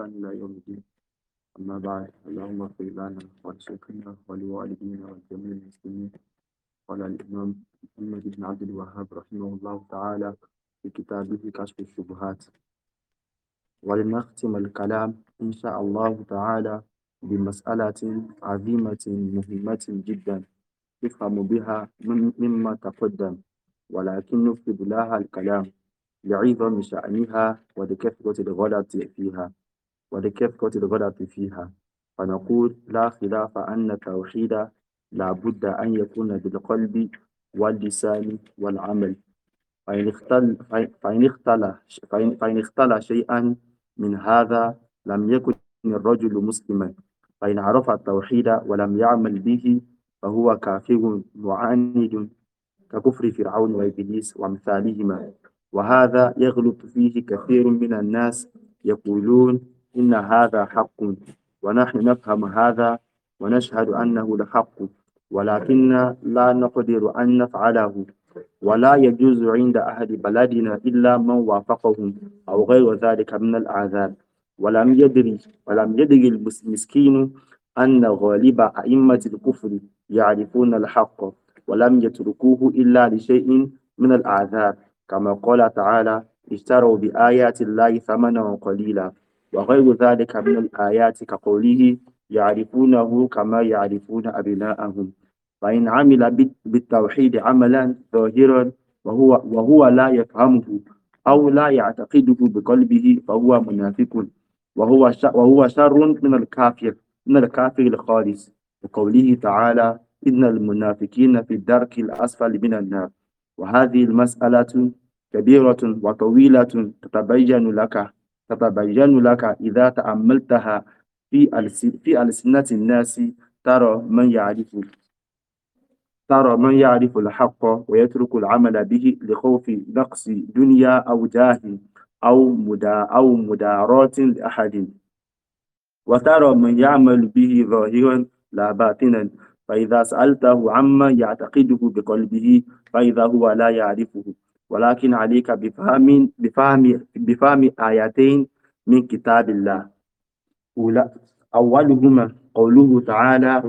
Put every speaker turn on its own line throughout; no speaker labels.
إلى يوم الدين أما بعد اللهم
اغفر لنا ولشيخنا ولوالدينا ولجميع المسلمين قال الإمام محمد بن عبد الوهاب رحمه الله تعالى في كتابه كشف الشبهات ولنختم الكلام إن شاء الله تعالى بمسألة عظيمة مهمة جدا يفهم بها مما تقدم ولكن نفقد لها الكلام لعظم شأنها ولكثرة الغلط فيها ولكثرة الغلط فيها فنقول لا خلاف أن التوحيد لا بد أن يكون بالقلب واللسان والعمل فإن اختل فإن اختل فإن اختل شيئا من هذا لم يكن الرجل مسلما فإن عرف التوحيد ولم يعمل به فهو كافر معاند ككفر فرعون وإبليس وأمثالهما وهذا يغلط فيه كثير من الناس يقولون إن هذا حق ونحن نفهم هذا ونشهد أنه لحق ولكن لا نقدر أن نفعله ولا يجوز عند أهل بلدنا إلا من وافقهم أو غير ذلك من الأعذار ولم يدري ولم يدري المسكين أن غالب أئمة الكفر يعرفون الحق ولم يتركوه إلا لشيء من الأعذار كما قال تعالى اشتروا بآيات الله ثمنا قليلا وغير ذلك من الآيات كقوله يعرفونه كما يعرفون أبناءهم فإن عمل بالتوحيد عملا ظاهرا وهو, وهو لا يفهمه أو لا يعتقده بقلبه فهو منافق وهو وهو شر من الكافر من الكافر الخالص وقوله تعالى إن المنافقين في الدرك الأسفل من النار وهذه المسألة كبيرة وطويلة تتبين لك تتبين لك إذا تأملتها في في ألسنة الناس ترى من يعرف ترى من يعرف الحق ويترك العمل به لخوف نقص دنيا أو جاه أو مدا أو مدارات لأحد وترى من يعمل به ظاهرا لا باطنا فإذا سألته عما يعتقده بقلبه فإذا هو لا يعرفه ولكن عليك بفهم بفهم بفهم آيتين من كتاب الله أولى أولهما قوله تعالى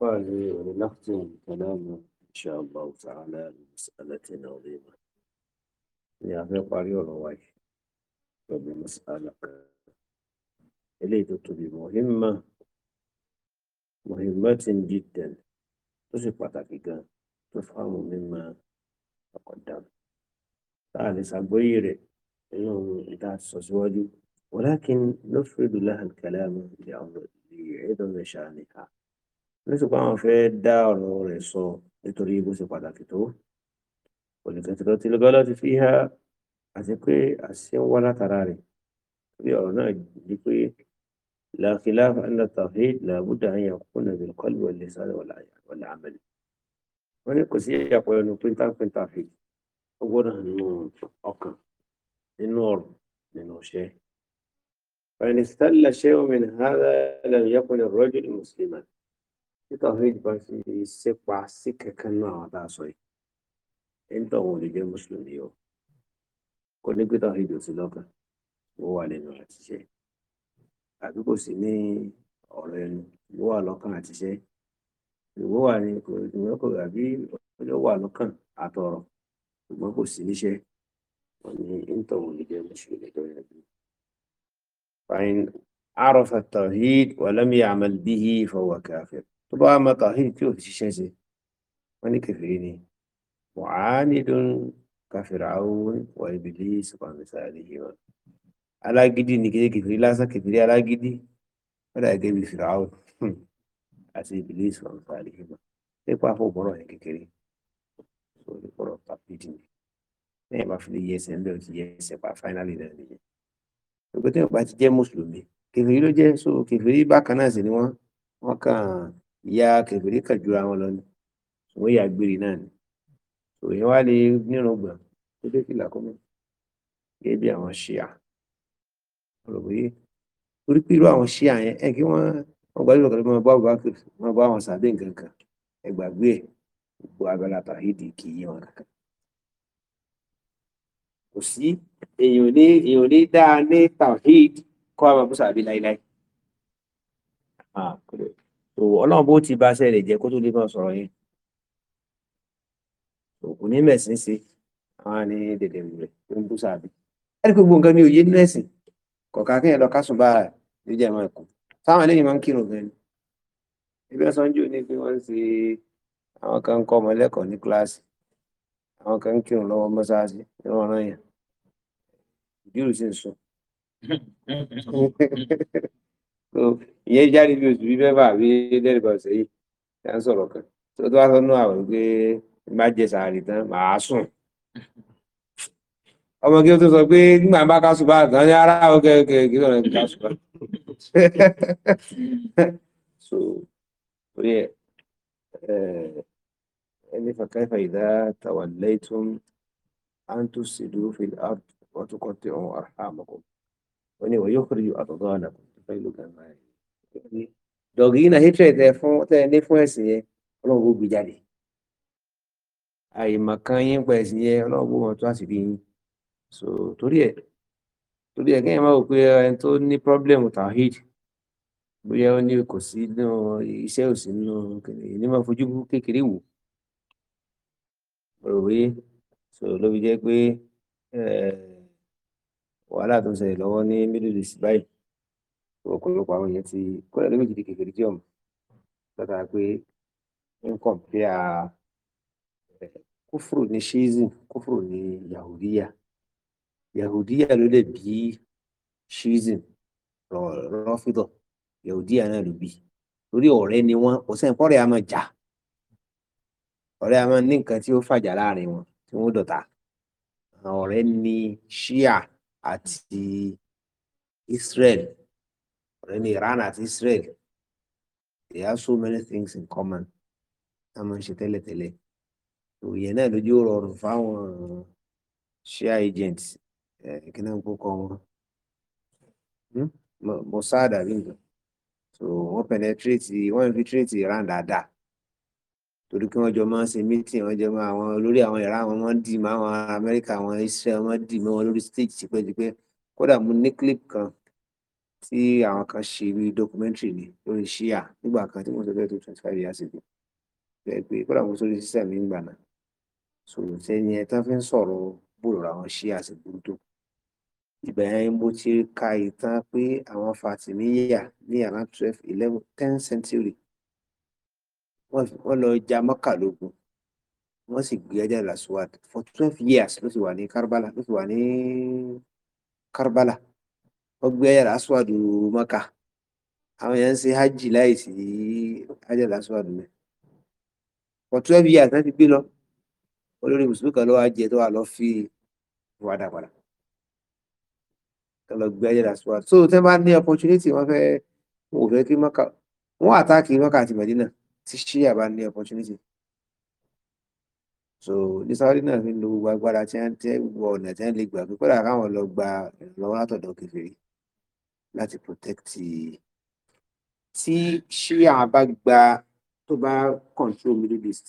ولنختم كلامنا إن شاء الله تعالى بمسألة عظيمة يعني قريب رواية بمسألة eléyìí tó tóbi mọ̀hímà mọ̀hímà ti ń di tẹ̀lé tó sì pàtàkì gan tó fáwọn mímọ ọ̀kọ̀dà tá a lè ṣàgbóyè rẹ̀ nínú ìta sọ síwájú wọ́lákin lọ́fíìdù láhàkàlẹ́ àmọ́ ìdí àwọn ìrẹ́dọ̀ rẹ̀ ṣàníhà nítorí pé àwọn fẹ́ dá ọ̀rọ̀ rẹ̀ sọ nítorí bó ṣe pàtàkì tó olùkẹ́tìkọ́ tí lọ́gọ́lọ́ ti fi há àti pé àṣẹ ń látara rẹ̀ bí ọ̀rọ̀ náà di pé لا خلاف أن التوحيد لا بد أن يكون بالقلب واللسان والعين والعمل وني قصي يقول أنه كنت أكون توحيد أقول أنه أكا النور من شيء فإن استل شيء من هذا لم يكن الرجل مسلما التوحيد بس يسقى سكة كما وداسوي أنت ولد مسلم يو كل قطعة يدوس لك هو علينا هذا الشيء àbí kò sí ní ọ̀rọ̀ ẹnu ìwọ wà lọ́kàn àti iṣẹ́ ìwọ wà ní kò ìwọ kò àbí ọjọ́ wà lọ́kàn àtọ̀rọ̀ ṣùgbọ́n kò sí níṣẹ́ wọn ni ìtọ̀wọ̀n lè jẹ́ mùsùlùmí tó yẹ bí. fàyín àròfà tawhid wàlámì àmàlbíhì fọwọ́ káfẹ́ tó bá ma tawhid tí ò fi ṣiṣẹ́ ṣe wọn ní kẹfìrí ni mùhánidùn kafiràún wà ibìlí sùpàmìsàlì yìí wọn alágídí ni kéde kékeré lásán kékeré alágídí ó dà gẹ́gẹ́ bí fìràwọ̀ hmm, àti ìbílẹ̀ ìsọ̀rọ̀ sáré ìgbà
nípa àfọ̀bọ̀rọ̀ yẹn
kékeré sórí ọ̀rọ̀ pàpídì ni lẹ́yìn bá fi lè yẹ ẹsẹ̀ ńbẹ́ ó ti yẹ ẹsẹ̀ pa fáínálì náà nìyẹn ìgbẹ́ tí yorùbá ti jẹ́ mùsùlùmí kèfèrí ló jẹ́ so kèfèrí bákan náà sì ni wọ́n wọ́n kàn ya kèfèrí kàn ju àwọn lọ ni wọ́n yà gbére náà ni òyìn wá lè nírun gbà tó dé fìlà rò pé torí pé irú àwọn ṣíà yẹn ẹ kí wọ́n wọ́n gbàdúrà kan ló máa bá Abubakar máa bá àwọn sàbẹ̀ nǹkan kan ẹ gbàgbé ẹ gbogbo abala tàhídì kì í yé wọn kankan. kò sí èèyàn ní èèyàn ní dáa ní tàhídì kọ́ àwọn abúṣà àbí láíláí. ọlọ́run bó ti bá aṣẹ́ rẹ̀ jẹ́ kó tó lè máa sọ̀rọ̀ yẹn kọ̀ọ̀kan kéèyàn lọ kásùn bá rẹ̀ ló jẹ́ ìmọ̀ ẹ̀kọ́ táwọn eléyìí máa ń kírun gan ni ibi ọ̀sán jù ní pé wọ́n ṣe àwọn kan ń kọ́ ọmọ ẹlẹ́kọ̀ọ́ ní kíláàsì àwọn kan ń kírun lọ́wọ́ mọ́sáàsì nínú ọ̀ràn yẹn ìdírù sì ń sùn. ìyẹn jáde bí oṣù bíbẹ́ bá àbí dẹ́rẹ́bà ọ̀sẹ̀ yìí ṣe ń sọ̀rọ̀ kan tó tó wá sọ́nù ọmọ kí ó tó sọ pé nígbà bá ká ṣùgbọ́n àgàn ní ara ọgẹ ọgẹ kí lọ́nà ká ṣùgbọ́n. so orí ẹ eh, ẹni fàkàìfà ìdá tawallaytum an tusidu fil ard wa tuqatti'u arhamakum wọ́n ní wa yukhriju adghanakum fẹ́lú gàmà yìí. dọ̀gì yìí náà hatred ẹ fún tẹ ní fún ẹ̀sìn yẹn ọlọ́run gbogbo jáde àyèmọ̀ kan yín pa ẹ̀sìn yẹn ọlọ́run gbogbo wọn tó àṣírí yín so torí ẹ̀ torí ẹ̀ kéèyàn máa wò pé ẹni tó ní pọ́blẹ́mù tàhíd bóyá ó ní kò sí nínú iṣẹ́ òsì nínú kìnìún ní máa fojú kékeré wò rò wí so ló fi jẹ́ pé eh, wàhálà tó ń ṣẹlẹ̀ lọ́wọ́ ní middle east báyìí ọ̀pọ̀lọpọ̀ àwọn èèyàn ti kọ́lẹ̀ ló méjì di kékeré tí ọ̀mù lọ́ta pé ń kọ̀m̀pẹ́ à kófòrò ní ṣéèzì kófòrò ní yahudiya yahudiya ló lè bí shiism rọfídọ yahudiya náà ló bí torí ọ̀rẹ́ ni wọ́n kò sẹ́yìn kọrẹ a máa jà ọ̀rẹ́ a máa ní nǹkan tí ó fàjà láàrin wọn tí shia àti israel ọ̀rẹ́ ni iran àti israel they have so many things in common a máa ń ṣe tẹ́lẹ̀tẹ́lẹ̀ òye náà lójú rọrùn fáwọn share agents kíní ń kókọ wọn Mossad àbí nǹkan so wọ́n penetrate wọ́n infiltrate Iran dáadáa torí kí wọ́n jọ máa ń ṣe meeting wọ́n jọ máa àwọn olórí àwọn Iran wọn máa ń dì mọ́ àwọn Amẹ́ríkà àwọn Israel wọ́n dì mọ́ wọn lórí stage tipẹ́tipẹ́ kódà mo ní clip kan tí àwọn kan ṣe bí documentary ni lórí Shia nígbà kan tí mo sọ bẹ́ẹ̀ tó twenty five years ago bẹ́ẹ̀ pé kódà mo sórí sísẹ̀ mi ń gbà náà sòrò sẹ́yìn ẹ̀ tán fi ń sọ̀rọ̀ bòrò àwọn Shia sí burú tó kù ibẹ̀ yẹn mo ti ka ìtàn pé àwọn fatimiyya ní around twelve eleven ten century wọ́n lọ ja mọ́kà lógun wọ́n sì gbé ẹja lasuwad for twelve years ló ti wà ní karbala ló ti wà ní karbala wọ́n gbé ẹja lasuwad mọ́kà àwọn yẹn ń ṣe hajj láì sí ẹja mi for twelve years láti gbé lọ olórí mùsùlùmí kan ló wá jẹ tó wà lọ fi wàdà padà lọ gbé ayé làṣọ wa so tẹ́ bá ní opportunity wọ́n fẹ́ wọn ò fẹ́ kí mọ́kà wọ́n àtàkì mọ́kà àti mẹ́dínà tí ṣíyà opportunity so ní sáwọ́dí náà fi ń lo gbogbo agbára tí wọ́n tẹ́ wọ ọ̀nà tí wọ́n lè gbà pé kódà káwọn lọ gba ìrànlọ́wọ́ látọ̀dọ̀ kékeré láti protect tí ṣíyà bá gba tó bá control middle east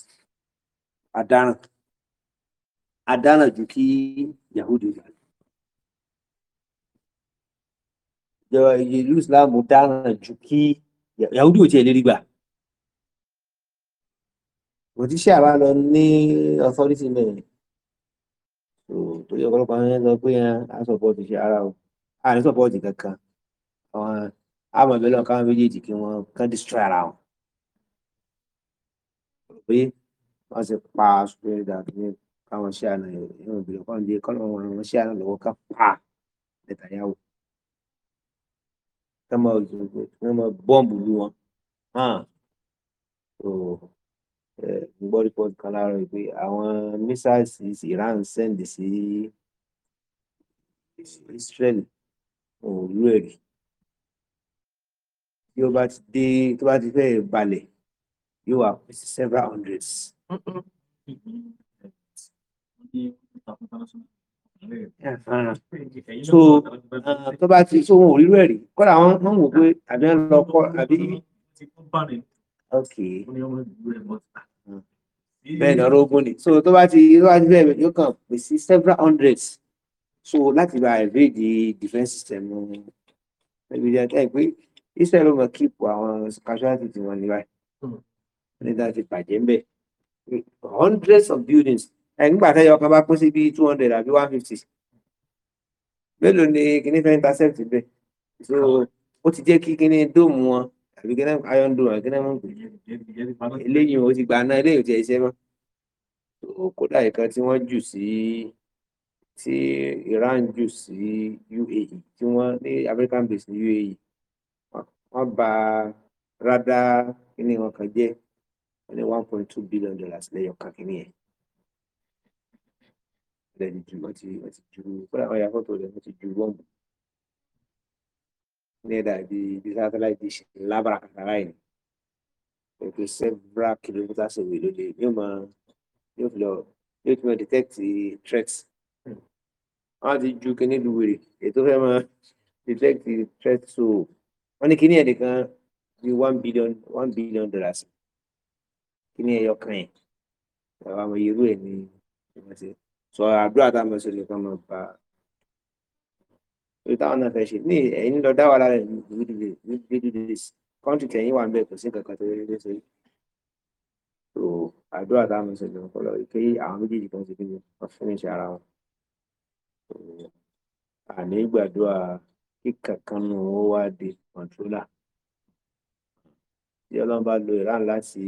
àdáràn àdáràn ju Yahudi. ìlú islam dáràn ju kí yahudi ò tiẹ̀ lè rí gbà kò tí ṣe àbá lọ ní authority mẹ́rin tó yẹ ọ̀pọ̀lọpọ̀ àwọn ẹ̀rọ pé a sọ̀pọ̀tì ṣe ara o a ní sọ̀pọ̀tì kankan àwọn amọ̀bẹ́lọ̀ káwọn méjèèjì kí wọ́n kàn destroy ara wọn pé wọ́n ti pa spirit that ní káwọn ṣe àná ìrìn ìbílẹ̀ kọ́ńdé kọ́ńdé wọn ṣe àná lọ́wọ́ ká pa Netanyahu ká máa zògùn ká máa bọ́ǹbù lú wọn hàn so n gbọ́ report kan láàárọ̀ pé àwọn missiles Iran send sí Israel òòlù ẹ̀rí tí ó bá ti dé tó bá ti fẹ́ balẹ̀ yóò wà pín several hundreds. Uh-uh so uh, tó bá ti so wọn ò rírú ẹ̀ rí kọ́dà wọn ń wò pé àbí ń lọ kọ́ àbí. okay bẹ́ẹ̀ ni ọ̀rọ̀ ogun ni so tó bá ti tó bá ti bẹ́ẹ̀ yóò kàn pèsè several hundreds so láti bá evade di defence system uh, ẹbí jẹ ẹ pé israel ọmọ keep àwọn casualty tí wọn ní báyìí hmm. nígbà tí bàjẹ́ ń bẹ̀ hundreds of buildings nígbà tẹ́yọ kan bá pín sí bí two hundred àbí one fifty mélòó ni kíní fẹ́ intercept bẹ́ẹ̀ so ó ti jẹ́ kí kíní dóòmù wọn àbí kíní iron dome àbí kíní mọ̀nkù eléyìí ó ti gbà náà eléyìí ó ti ẹ̀ṣẹ́ mọ́ kódà ìkan tí wọ́n jù sí tí Iran jù sí UAE tí wọ́n ní American base ní UAE wọ́n bà rádá kíní wọn kan jẹ́ wọ́n ní one point two billion dollars lẹ́yọ̀ kan kíní yẹn lẹ́yìn ju wọ́n ti wọ́n ti ju kódà wọ́n ya fọ́tò rẹ̀ wọ́n ti ju bọ́ọ̀mù ní ẹ̀dá bí bí satellite dish lábàrà kàkàrà yìí o tó several kilometres away ló lè yóò máa yóò fi lọ yóò fi máa detect threats wọ́n ti ju kíní lu wèrè ètò fẹ́ máa detect threats so wọ́n ní kíní ẹ̀dẹ̀kan bí one billion one billion dollars kíní ẹ̀yọ kan yẹn àwọn ọmọ yorùbá ẹ̀ ní ìwọ̀n ti sọ àdúrà tá a mọ̀ sí nìkan mọ̀ bá orí táwọn náà fẹ́ ṣe ní ẹ̀yìn lọ dá wà lára ní bídúdé kọ́ńtì tẹ̀yìn wà ń bẹ̀ kò sí kankan tó lé sórí so àdúrà tá a mọ̀ sí nìkan lọ pé àwọn méjèèjì kan ti fi wọn fún ìṣe ara wọn àní di kọ̀ǹtólà lo ìran láti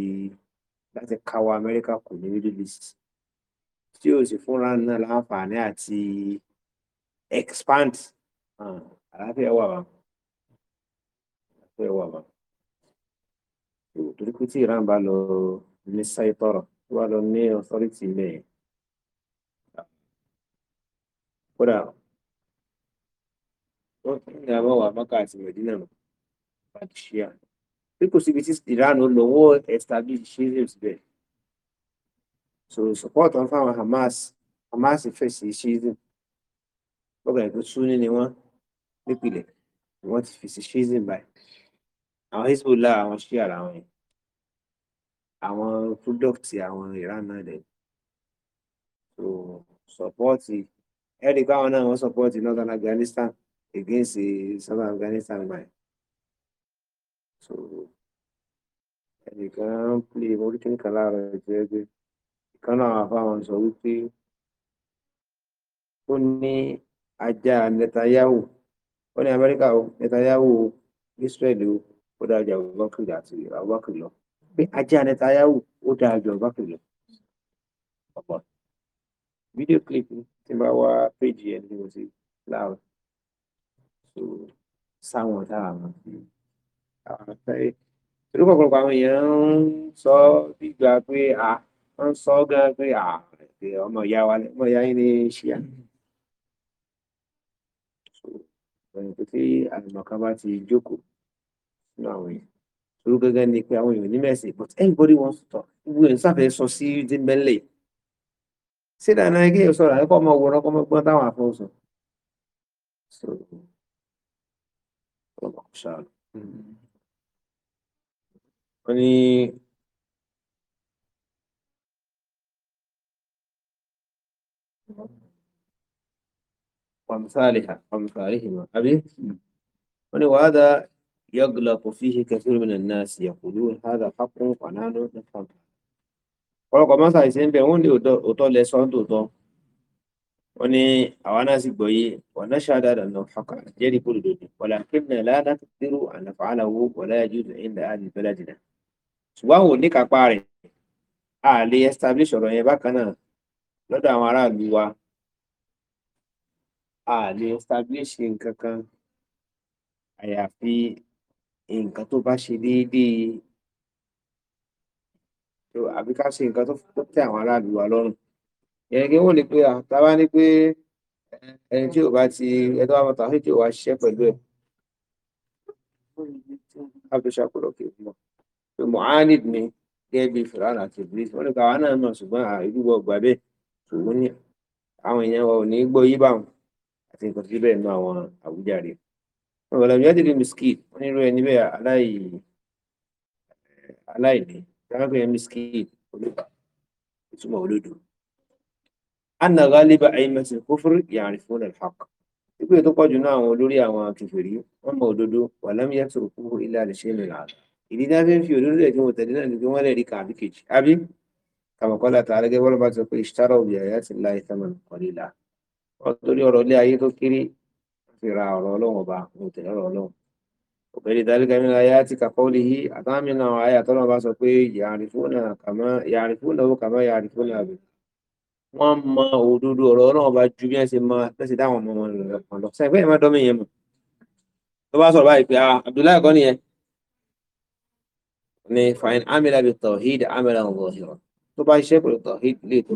láti káwọ amẹ́ríkà kù ní middle east tí o sì fúnra náà láǹfààní àti expand ah, àlàáfíà wà wá àlàáfíà wà wá torí tí Iran bá lọ ní sáìtọrọ tó bá lọ ní authority ilẹ̀ kódà wọn kí ni àwọn wà mọ́kà àti Medina nù bá ti ṣe à bí kò síbi tí Iran lọ wọ́n establish ṣe é síbẹ̀ so support wọn fáwọn Hamas Hamas fèsì ṣíìsì gbọ́dọ̀ ìlú Sunni ni wọ́n nípìnlẹ̀ wọ́n ti fèsì ṣíìsì báyìí àwọn Hezbollah àwọn ṣíà làwọn yẹn àwọn product àwọn Iran náà dẹ̀ so support ẹ̀rí káwọn náà wọ́n support Northern Afghanistan against Southern Afghanistan báyìí so ẹnìkan ń pè mọ́ríkì nìkan láàárọ̀ ìjọ ẹgbẹ́ ìkan náà àfáwọn sọ wípé ó ní ajá Netanyahu ó ní Amẹ́ríkà o Netanyahu o Israel o ó dáa ju Abubakar àti Abubakar lọ pé ajá Netanyahu
ó dáa ju Abubakar lọ ọmọ
fídíò clip tí bá wá péjì ẹ ní mo ti láwọn so sáwọn dára wọn àwọn afẹ́rẹ́ torí pọ̀pọ̀lọpọ̀ àwọn èèyàn ń sọ bí gbà pé a. Ah, wọ́n sọ gan pé ọmọ ìyá wa ọmọ ìyá yín ní ṣíà òyìnbó tí àlùmọ̀kan bá ti jókòó nínú àwọn èèyàn torú gẹ́gẹ́ ni pé àwọn èèyàn ní mẹ́sìn but everybody wants to talk gbogbo èèyàn sáfẹ́ sọ sí dímbẹ́lẹ̀ sí dáná kí èèyàn sọ̀rọ̀ àyẹ́kọ́ ọmọ òwúrọ̀ kọ́ mọ́gbọ́n táwọn àfọwọ́ sọ. wọ́n ní وأمثالها وأمثالهما أبي وهذا يغلق فيه كثير من الناس يقولون هذا حق ونحن نفهم ọ̀pọ̀lọpọ̀ mọ́sá ìsẹ́ńbẹ̀ wọ́n ní òótọ́ lẹ sọ ń tòótọ́ wọ́n ní àwa náà sì gbọ́yé ọ̀nà ṣáàdáàdà náà fọkà jẹ́rìí kó lòdòdì wọ̀là kébìnà láàdá tó dérò ànàfà aláwo wọ̀lá ẹjú ìlà àdì bẹ́lá dìnnà ṣùgbọ́n àwọn oníkápá rẹ̀ a establish ọ̀rọ̀ yẹn bákan náà lọ́dọ̀ àwọn aráàlú wa a lè establish nǹkan kan àyàfi nǹkan tó bá ṣe déédéé àbí ká ṣe nǹkan tó tẹ́ àwọn aráàlú wa lọ́rùn ìyẹn kí wọ́n lè pe àtàwọn ní pé ẹni tí ò bá ti ẹni tó bá mọ̀tà tí ò wá ṣiṣẹ́ pẹ̀lú ẹ̀ abdulshakur òkè mọ̀ pé mohanid ni gẹ́gẹ́ bíi fìlànà àti iblis wọ́n lè ka àwọn náà mọ̀ ṣùgbọ́n àìdúgbò ọgbà bẹ́ẹ̀ ṣùgbọ́n àwọn èèyàn wa ò ní gbọ́ yí báwọn àti nǹkan tó bẹ́ẹ̀ nú àwọn àwùjáre ọ̀làmì adìrẹ miskin wọn nírú ẹni bẹ́ẹ̀ aláìní dábàá miskin olóba ìtumọ̀ olódò anna ghaliba aimati kufur ya'rifuna al-haqq ipò tó pọ̀ jù náà àwọn olórí àwọn kèfèrí wọn mọ òdodo wà lam yatrukuhu illa li shay'in min al-'azab ìdí náà fi ń fi òdodo rẹ̀ tí wọn tẹ̀lé náà ni pé wọ́n lè rí kan àbí kejì àbí kama qala ta'ala bọ́lá bá sọ pé ishtaraw bi ayati llahi thamanan qalila torí ọ̀rọ̀ ilé ayé tó kéré fi ra ọ̀rọ̀ ọlọ́run ọba mo tẹ̀lé ọ̀rọ̀ ọlọ́run òbẹ̀rẹ̀ ìdálẹ́gà mi la yá ti kàkọ́ lè yí àtàmì náà àyà tọ́lọ́ bá sọ pé yàrífóònà ó kàmá yàrífóònà àbí wọ́n mọ òdodo ọ̀rọ̀ ọlọ́run ọba ju bí wọ́n ṣe mọ lẹ́sẹ̀ dáwọn ọmọ wọn lọ́pọ̀ lọ sẹ́yìn fẹ́ẹ́ má dọ́mí yẹn mọ̀ tó bá sọ̀rọ̀ báyìí pé ah, Abdullahi kọ́ nìyẹn ni fain amila bi tawhid amila ọ̀hìn tó bá ṣiṣẹ́ pẹ̀lú tawhid lè tó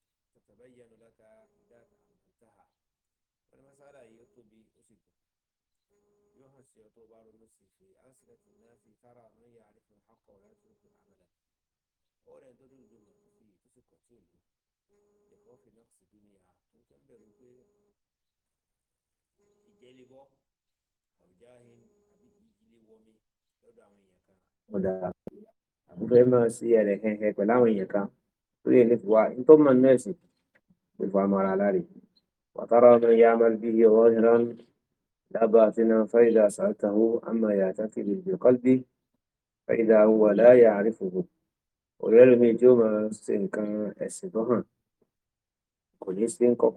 تتبين لك ذات عملتها والمسألة يطبي أسكو يهس يطوبار النص في أسئلة الناس ترى من يعرف الحق ولا يترك عملا أولا تدل جملة في تسكو تيلو لخوف نقص الدنيا تنبر في ìjẹ́lébọ́ ọ̀jáhìn àbí ìdílé wọmi lọ́dọ̀ àwọn èèyàn kan. ọ̀dà àbúfẹ́ máa sí ẹ̀rẹ̀ kẹ́kẹ́ pẹ̀lú àwọn èèyàn kan. lórí ẹni fi wá ní tó mọ̀ náà sì kò fa mara láre wàtàrà ọmọ ìyá amal bí i ọwọ́ ìran dábàá tí náà fáìdà sàtàwó àmà yàtà kì í lè kọ́lbí fáìdà wà láyà àrífòfò òrẹ́ lómi tí ó máa ṣe nǹkan ẹ̀sìn tó hàn kò ní sí ń kò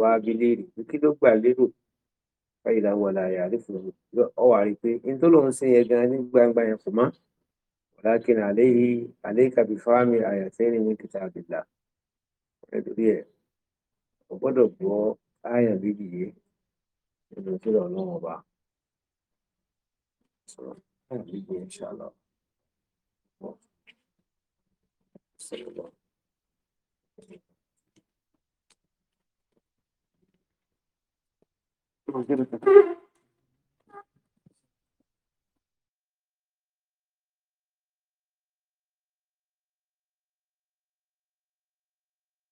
bá bi léèrè pé kí ló gbà lérò fáìdà wà láyà àrífòfò ọwà rí pé ní tó lóun yẹn gan ní gbangba yẹn kò mọ́. ولكن عليه عليك بفهم آيتين من كتاب الله ẹdùrí ẹ o gbọ́dọ̀ gbọ́ àyàn méjì yé nínú ìṣẹ̀lẹ̀ Ọlọ́run ọba sọ
Thank you.